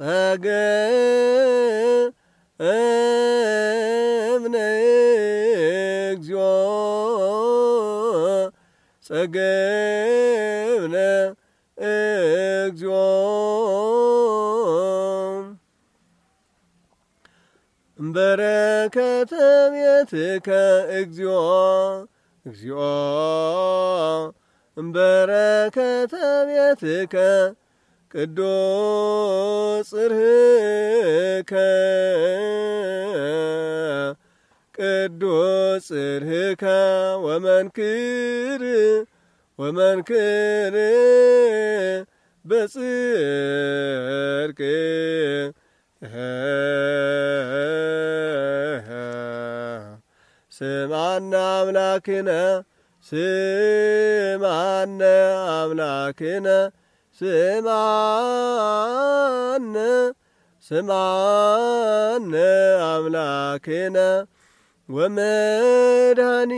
ጸገብነ እግዚኦ ጸገብነ እግዚኦ እምበረከተ ቤትከ እግዚኦ እግዚኦ እምበረከተ ቤትከ ቅዱስ ጽርህከ ቅዱስ ጽርህከ ወመንክር ወመንክር በጽርቅ ስማነ አምላክነ ስማነ አምላክነ ስማነ ስማነ አምላክነ ወመድኃኒነ